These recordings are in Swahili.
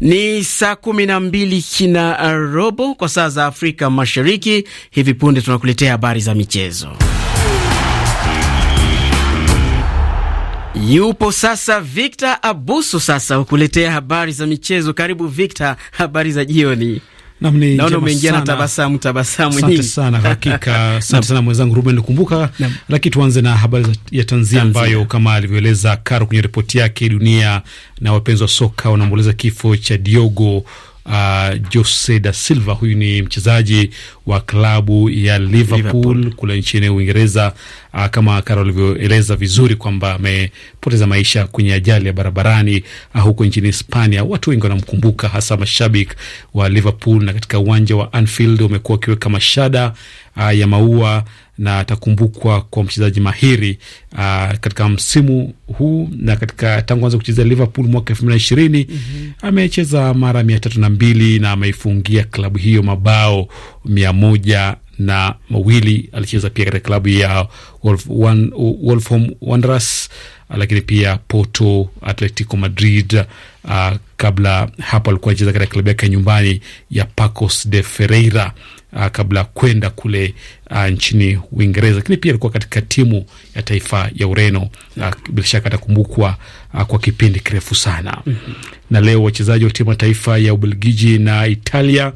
Ni saa kumi na mbili na uh, robo kwa saa za Afrika Mashariki. Hivi punde tunakuletea habari za michezo. Yupo sasa Victor Abuso sasa hukuletea habari za michezo. Karibu Victor, habari za jioni naona umeingia na tabasamu tabasamu nyingi sana hakika. Asante sana mwenzangu Ruben Kumbuka, lakini tuanze na habari ya tanzia ambayo kama alivyoeleza Karo kwenye ripoti yake, dunia na wapenzi wa soka wanaomboleza kifo cha Diogo uh, Jose da Silva. Huyu ni mchezaji wa klabu ya Liverpool, Liverpool. kule nchini Uingereza uh, kama Karo alivyoeleza vizuri kwamba amepoteza maisha kwenye ajali ya barabarani uh, huko nchini Hispania. Watu wengi wanamkumbuka hasa mashabiki wa Liverpool, na katika uwanja wa Anfield wamekuwa wakiweka mashada uh, ya maua na atakumbukwa kwa mchezaji mahiri uh, katika msimu huu na katika tangu anza kucheza Liverpool mwaka elfu mbili na ishirini mm -hmm. amecheza mara mia tatu na mbili na ameifungia klabu hiyo mabao mia moja na mawili. Alicheza pia katika klabu ya Wolverhampton Wanderers, lakini pia Porto, Atletico Madrid. Uh, kabla hapo alikuwa anacheza katika klabu yake nyumbani ya Pacos de Ferreira uh, kabla ya kwenda kule uh, nchini Uingereza, lakini pia alikuwa katika timu ya taifa ya Ureno uh, bila shaka atakumbukwa uh, kwa kipindi kirefu sana mm -hmm. Na leo wachezaji wa timu ya taifa ya Ubelgiji na Italia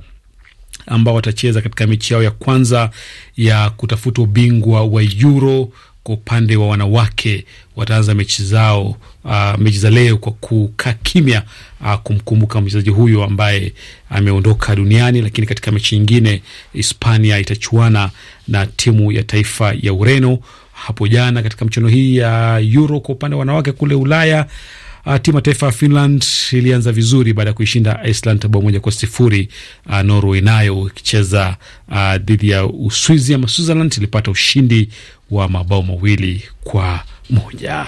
ambao watacheza katika mechi yao ya kwanza ya kutafuta ubingwa wa Euro kwa upande wa wanawake wataanza mechi zao uh, mechi za leo kwa kukaa kimya uh, kumkumbuka mchezaji huyo ambaye ameondoka duniani. Lakini katika mechi nyingine, Hispania itachuana na timu ya taifa ya Ureno hapo jana katika mchuano hii ya Euro kwa upande wa wanawake kule Ulaya Uh, timu ya taifa ya Finland ilianza vizuri baada ya kuishinda Iceland bao moja kwa sifuri. Uh, Norway nayo ikicheza uh, dhidi ya Uswizi ama Switzerland ilipata ushindi wa mabao mawili kwa moja.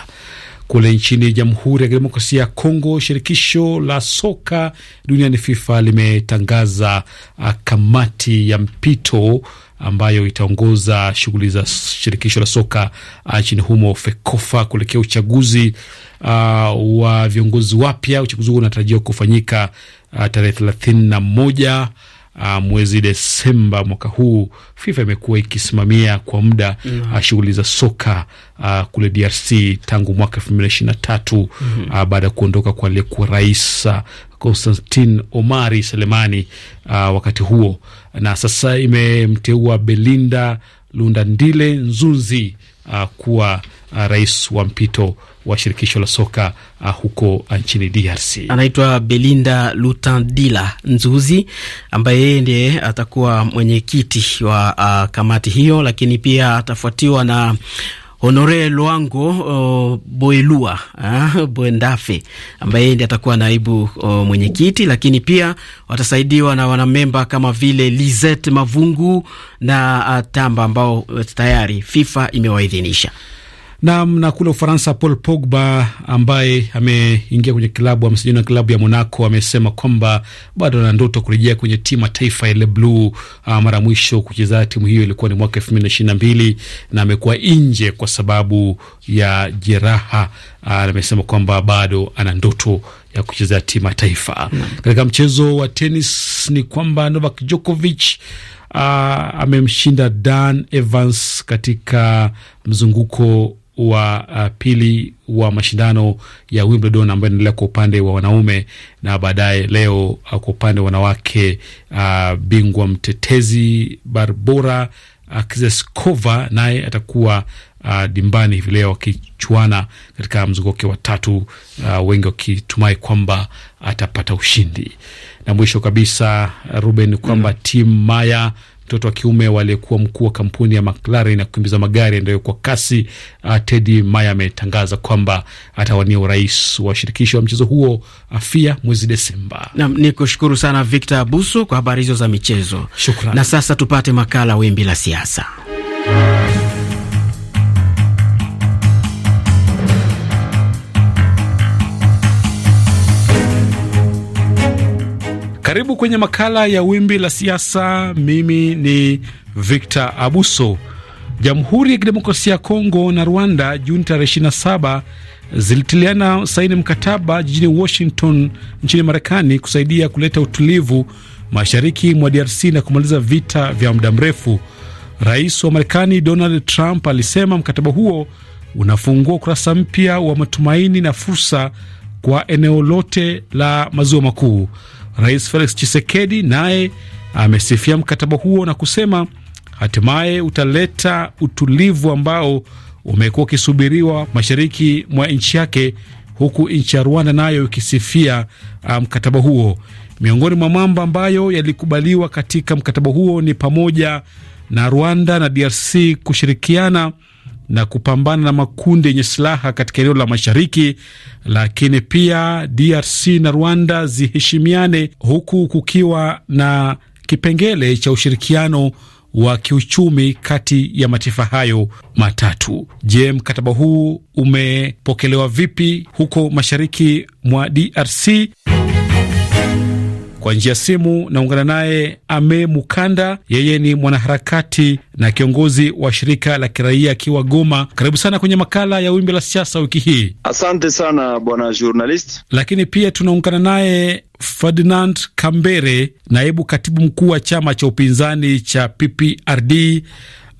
Kule nchini Jamhuri ya Kidemokrasia ya Kongo, shirikisho la soka duniani FIFA limetangaza uh, kamati ya mpito ambayo itaongoza shughuli za shirikisho la soka uh, nchini humo FEKOFA kuelekea uchaguzi uh, wa viongozi wapya. Uchaguzi huo unatarajiwa kufanyika uh, tarehe thelathini na moja uh, mwezi Desemba mwaka huu FIFA imekuwa ikisimamia kwa muda mm -hmm. uh, shughuli za soka uh, kule DRC tangu mwaka elfu mbili na ishirini na tatu mm -hmm. uh, baada ya kuondoka kwa aliyekuwa rais Konstantin Omari Selemani uh, wakati huo, na sasa imemteua Belinda Lundandile Nzunzi uh, kuwa uh, rais wa mpito wa shirikisho la soka uh, huko uh, nchini DRC. Anaitwa Belinda Lutandila Nzuzi ambaye yeye ndiye atakuwa mwenyekiti wa uh, kamati hiyo, lakini pia atafuatiwa na Honore Luango Boelua Boendafe ambaye ndiye atakuwa naibu mwenyekiti, lakini pia watasaidiwa na wanamemba kama vile Lizette Mavungu na Tamba ambao tayari FIFA imewaidhinisha. Nam na kule Ufaransa, Paul Pogba ambaye ameingia kwenye klabu amesajiliwa na klabu ya Monaco amesema kwamba bado ana ndoto kurejea kwenye timu ya taifa ile bluu. Ah, mara mwisho kucheza timu hiyo ilikuwa ni mwaka elfu mbili na ishirini na mbili na amekuwa nje kwa sababu ya jeraha. Ah, amesema kwamba bado ana ndoto ya kucheza timu ya taifa. Katika mchezo wa tenis ni kwamba Novak Djokovic ah, amemshinda Dan Evans katika mzunguko wa uh, pili wa mashindano ya Wimbledon ambayo inaendelea kwa upande wa wanaume na baadaye leo uh, kwa upande wa wanawake uh, bingwa mtetezi Barbora uh, Krejcikova naye atakuwa uh, dimbani hivi leo akichuana katika mzunguko wa tatu, uh, wengi wakitumai kwamba atapata ushindi. Na mwisho kabisa, Ruben, kwamba mm, timu Maya mtoto wa kiume waliyekuwa mkuu wa kampuni ya McLaren ya kukimbiza magari endayo kwa kasi uh, Teddy Mayer ametangaza kwamba atawania urais wa shirikisho la mchezo huo afia uh, mwezi Desemba. Nam ni kushukuru sana Victor Abuso kwa habari hizo za michezo. Shukrani. Na sasa tupate makala wimbi la siasa. Karibu kwenye makala ya wimbi la siasa. Mimi ni Victor Abuso. Jamhuri ya Kidemokrasia ya Kongo na Rwanda Juni tarehe 27 zilitiliana saini mkataba jijini Washington nchini Marekani kusaidia kuleta utulivu mashariki mwa DRC na kumaliza vita vya muda mrefu. Rais wa Marekani Donald Trump alisema mkataba huo unafungua ukurasa mpya wa matumaini na fursa kwa eneo lote la maziwa makuu. Rais Felix chisekedi naye amesifia mkataba huo na kusema hatimaye utaleta utulivu ambao umekuwa ukisubiriwa mashariki mwa nchi yake, huku nchi ya Rwanda nayo ikisifia uh, mkataba huo. Miongoni mwa mambo ambayo yalikubaliwa katika mkataba huo ni pamoja na Rwanda na DRC kushirikiana na kupambana na makundi yenye silaha katika eneo la mashariki, lakini pia DRC na Rwanda ziheshimiane, huku kukiwa na kipengele cha ushirikiano wa kiuchumi kati ya mataifa hayo matatu. Je, mkataba huu umepokelewa vipi huko mashariki mwa DRC? Kwa njia ya simu naungana naye Ame Mukanda, yeye ni mwanaharakati na kiongozi wa shirika la kiraia akiwa Goma. Karibu sana kwenye makala ya wimbi la siasa wiki hii. Asante sana bwana journalist. Lakini pia tunaungana naye Ferdinand Kambere, naibu katibu mkuu wa chama cha upinzani cha PPRD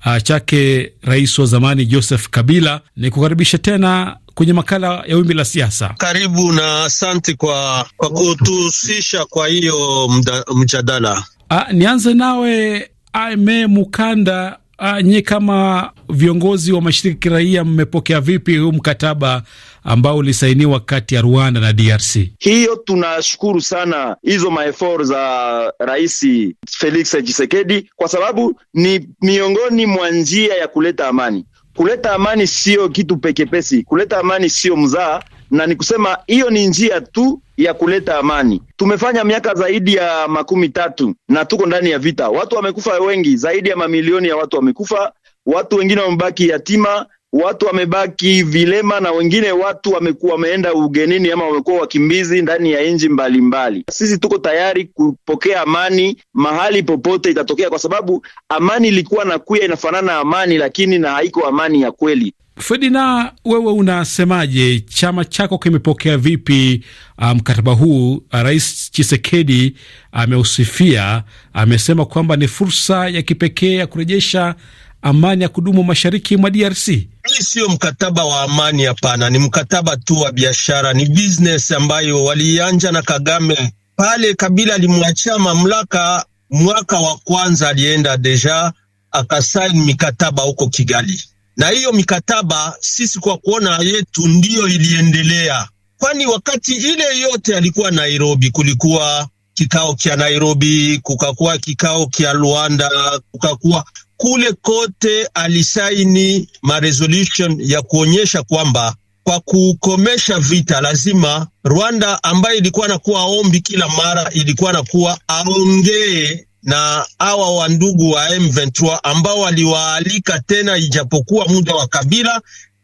ah, chake rais wa zamani Joseph Kabila. Ni kukaribisha tena kwenye makala ya wimbi la siasa. Karibu na asante kwa, kwa kutuhusisha kwa hiyo mjadala. Ah, nianze nawe Aime Mukanda. Uh, nyie kama viongozi wa mashirika kiraia mmepokea vipi huu mkataba ambao ulisainiwa kati ya Rwanda na DRC? Hiyo tunashukuru sana hizo maefor za Rais Felix Tshisekedi kwa sababu ni miongoni mwa njia ya kuleta amani. Kuleta amani sio kitu pekepesi, kuleta amani sio mzaa, na ni kusema hiyo ni njia tu ya kuleta amani. Tumefanya miaka zaidi ya makumi tatu na tuko ndani ya vita, watu wamekufa wengi, zaidi ya mamilioni ya watu wamekufa, watu wengine wamebaki yatima watu wamebaki vilema na wengine watu wamekuwa wameenda ugenini ama wamekuwa wakimbizi ndani ya nchi mbalimbali. Sisi tuko tayari kupokea amani mahali popote itatokea, kwa sababu amani ilikuwa na kuya inafanana amani, lakini na haiko amani ya kweli. fedina wewe unasemaje? Chama chako kimepokea vipi ah, mkataba um, huu? Ah, Rais Chisekedi ameusifia, amesema kwamba ni fursa ya kipekee ya kurejesha amani ya kudumu mashariki mwa DRC? Hii siyo mkataba wa amani, hapana. Ni mkataba tu wa biashara, ni business ambayo waliianja na Kagame pale Kabila alimwachia mamlaka mwaka wa kwanza, alienda deja akasaini mikataba huko Kigali, na hiyo mikataba sisi kwa kuona yetu ndiyo iliendelea, kwani wakati ile yote alikuwa Nairobi, kulikuwa kikao kya Nairobi, kukakuwa kikao kya Luanda, kukakuwa kule kote alisaini ma resolution ya kuonyesha kwamba kwa kukomesha vita lazima Rwanda ambayo ilikuwa nakuwa ombi kila mara, ilikuwa nakuwa aongee na hawa wandugu wa M23 ambao waliwaalika tena, ijapokuwa muda wa Kabila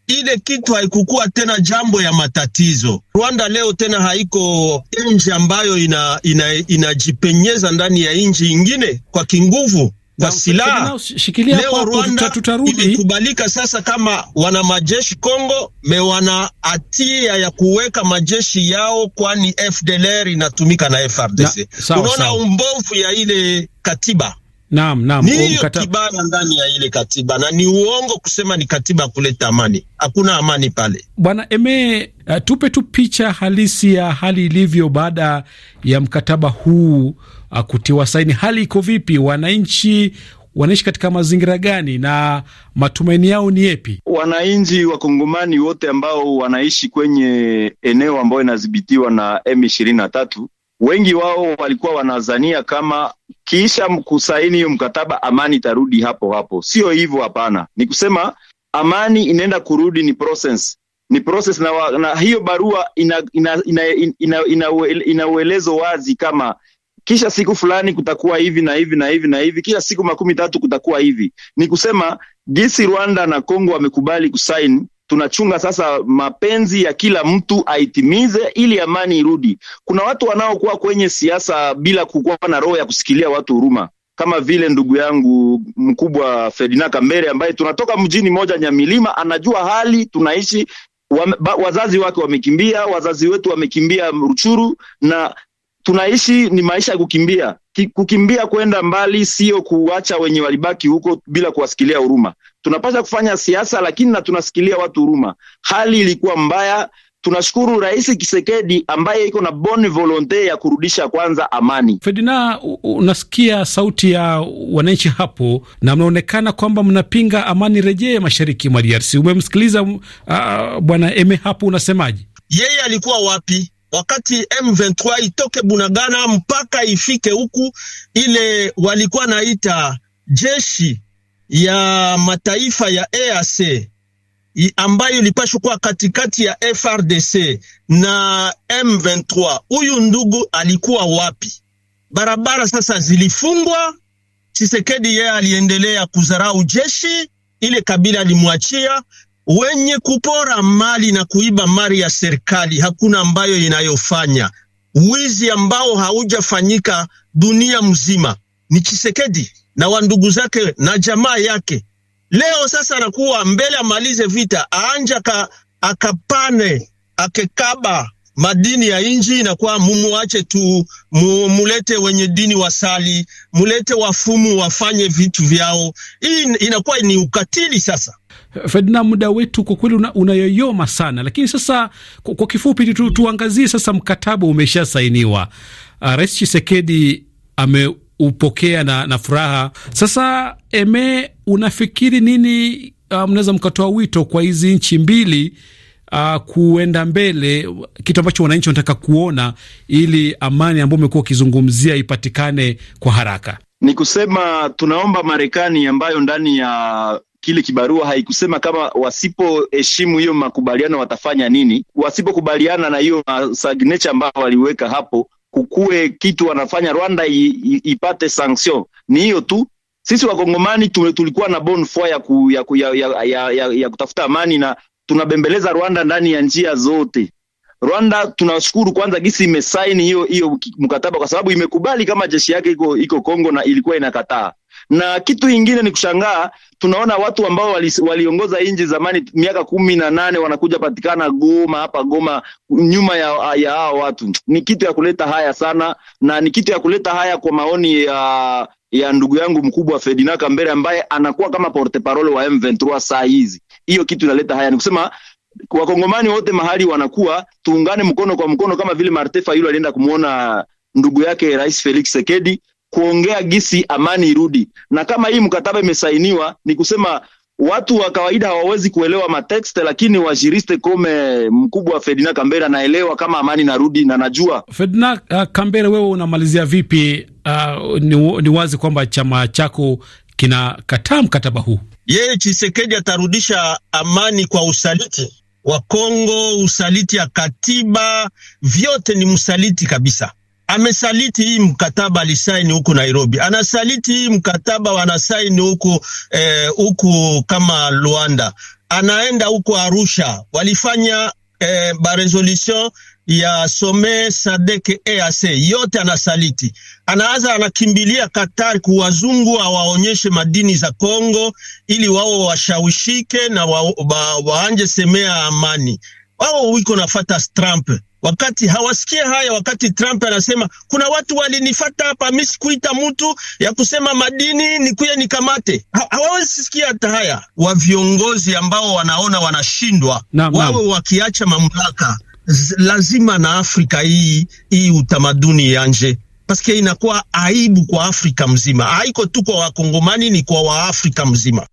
ile kitu haikukuwa tena jambo ya matatizo. Rwanda leo tena haiko nchi ambayo ina, ina, inajipenyeza ndani ya nchi ingine kwa kinguvu kwa silaha. Leo Rwanda imekubalika sasa kama wana majeshi Kongo, mewana hatia ya kuweka majeshi yao, kwani FDLR inatumika na FRDC. Unaona umbovu ya ile katiba. Naam, naam. Niyo mkata... kibana ndani ya ile katiba na ni uongo kusema ni katiba kuleta amani. Hakuna amani pale. Bwana Eme, eh, tupe tu picha halisi ya hali ilivyo baada ya mkataba huu Uh, kutiwa saini. Hali iko vipi? Wananchi wanaishi katika mazingira gani na matumaini yao ni yepi? Wananchi wakongomani wote ambao wanaishi kwenye eneo ambayo inadhibitiwa na M23 wengi wao walikuwa wanazania kama kisha kusaini hiyo mkataba amani itarudi hapo hapo. Sio hivyo, hapana. Ni kusema amani inaenda kurudi, ni process, ni process na, wa, na hiyo barua ina, ina, ina, ina, ina, ina, ina uelezo wazi kama kisha siku fulani kutakuwa hivi na hivi na hivi na hivi, kisha siku makumi tatu kutakuwa hivi. Ni kusema jinsi Rwanda na Kongo wamekubali kusaini tunachunga sasa mapenzi ya kila mtu aitimize ili amani irudi. Kuna watu wanaokuwa kwenye siasa bila kukuwa na roho ya kusikilia watu huruma, kama vile ndugu yangu mkubwa Ferdinand Kambere ambaye tunatoka mjini moja Nyamilima, anajua hali tunaishi. Wa, ba, wazazi wake wamekimbia, wazazi wetu wamekimbia Ruchuru, na tunaishi ni maisha ya kukimbia. Kukimbia kwenda mbali, sio kuacha wenye walibaki huko bila kuwasikilia huruma. Tunapaswa kufanya siasa, lakini na tunasikilia watu huruma. Hali ilikuwa mbaya. Tunashukuru Rais Kisekedi ambaye iko na bon volonte ya kurudisha kwanza amani. fedina unasikia sauti ya wananchi hapo na mnaonekana kwamba mnapinga amani rejee mashariki mwa DRC. Umemsikiliza uh, uh, bwana Eme hapo, unasemaje? Yeye alikuwa wapi? wakati M23 itoke Bunagana mpaka ifike huku, ile walikuwa naita jeshi ya mataifa ya EAC ambayo ilipashwa kuwa katikati ya FRDC na M23. Huyu ndugu alikuwa wapi? Barabara sasa zilifungwa. Chisekedi yeye aliendelea kuzarau jeshi ile kabila alimwachia wenye kupora mali na kuiba mali ya serikali, hakuna ambayo inayofanya wizi ambao haujafanyika dunia mzima. Ni Chisekedi na wandugu zake na jamaa yake. Leo sasa anakuwa mbele, amalize vita, aanja ka, akapane akekaba madini ya inji inakuwa mumuache tu mu, mulete wenye dini wasali, mulete wafumu wafanye vitu vyao. Hii inakuwa ni ukatili sasa. Ferdinand, muda wetu kwa kweli una, unayoyoma sana, lakini sasa kwa, kwa kifupi tu, tuangazie sasa, mkataba umeshasainiwa. Uh, Rais Chisekedi ameupokea na, na furaha. Sasa eme, unafikiri nini uh, mnaweza mkatoa wito kwa hizi nchi mbili Uh, kuenda mbele, kitu ambacho wananchi wanataka kuona, ili amani ambayo umekuwa ukizungumzia ipatikane kwa haraka. Ni kusema tunaomba Marekani ambayo ndani ya kile kibarua haikusema kama wasipoheshimu hiyo makubaliano watafanya nini, wasipokubaliana na hiyo signature ambayo waliweka hapo, kukue kitu wanafanya Rwanda i, i, ipate sanction. Ni hiyo tu. Sisi wakongomani tulikuwa na bonne foi ya, ku, ya, ya, ya, ya, ya, ya kutafuta amani na tunabembeleza Rwanda ndani ya njia zote. Rwanda tunashukuru kwanza gisi imesaini hiyo hiyo mkataba, kwa sababu imekubali kama jeshi yake iko iko Kongo na ilikuwa inakataa na kitu ingine ni kushangaa, tunaona watu ambao waliongoza wali, nchi zamani miaka kumi na nane wanakuja patikana Goma hapa Goma nyuma ya, ya hao watu. Ni kitu ya kuleta haya sana, na ni kitu ya kuleta haya kwa maoni ya ya ndugu yangu mkubwa Ferdinand Kambere ambaye anakuwa kama porte parole wa M23 saa hizi. Hiyo kitu inaleta haya, ni kusema wakongomani wote mahali wanakuwa, tuungane mkono kwa mkono, kama vile Martefa yule alienda kumwona ndugu yake Rais Felix Sekedi kuongea gisi amani irudi, na kama hii mkataba imesainiwa ni kusema watu wa kawaida hawawezi kuelewa matext, lakini wajiriste kome mkubwa wa Ferdinand Kambere anaelewa kama amani narudi, na najua Ferdinand uh, Kambere, wewe unamalizia vipi? Uh, ni, ni wazi kwamba chama chako kinakataa mkataba huu. Yeye chisekedi atarudisha amani kwa usaliti wa Kongo, usaliti ya katiba, vyote ni msaliti kabisa amesaliti hii mkataba alisaini huku Nairobi, anasaliti hii mkataba wanasaini huku eh, huku kama Luanda, anaenda huku Arusha, walifanya eh, resolution ya some Sadek EAC yote anasaliti. Anaanza anakimbilia Qatar kuwazungu awaonyeshe madini za Kongo ili wao washawishike na wa, wa, waanje semea amani. Wao wiko nafata Trump wakati hawasikie haya, wakati Trump anasema kuna watu walinifata hapa, mi sikuita mtu ya kusema madini nikuye nikamate. Ha, hawawezi sikia hata haya. Wa viongozi ambao wanaona wanashindwa wawe wakiacha mamlaka lazima na Afrika hii hii utamaduni yanje paske inakuwa aibu kwa Afrika mzima, haiko tu kwa Wakongomani, ni kwa Waafrika mzima.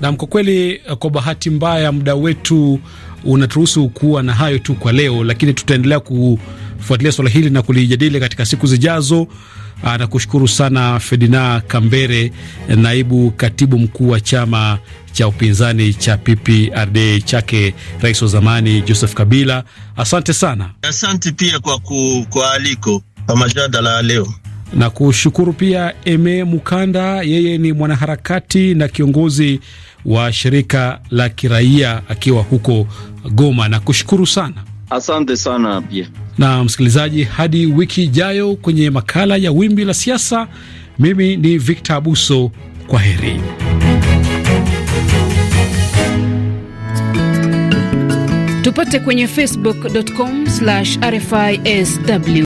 Nam, kwa kweli, eh, kwa bahati mbaya muda wetu unaturuhusu kuwa na hayo tu kwa leo, lakini tutaendelea kufuatilia swala hili na kulijadili katika siku zijazo. Ah, nakushukuru sana fedina Kambere, naibu katibu mkuu wa chama cha upinzani cha PPRD chake rais wa zamani Joseph Kabila. Asante sana. Asante pia kwa, ku, kwa aliko kwa majadala ya leo na kushukuru pia Eme Mukanda, yeye ni mwanaharakati na kiongozi wa shirika la kiraia akiwa huko Goma, na kushukuru sana, asante sana pia. Na msikilizaji, hadi wiki ijayo kwenye makala ya Wimbi la Siasa, mimi ni Victor Abuso, kwa heri. Tupate kwenye facebook.com/rfisw